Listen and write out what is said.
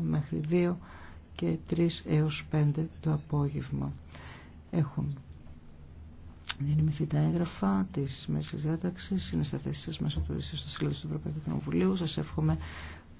μέχρι 2 και 3 έως 5 το απόγευμα. Έχουν Δημιουργηθεί τα έγγραφα τη μέρη διάταξη. Είναι στα θέση σα μέσα από το ιστοσελίδα του Ευρωπαϊκού Κοινοβουλίου. Σα εύχομαι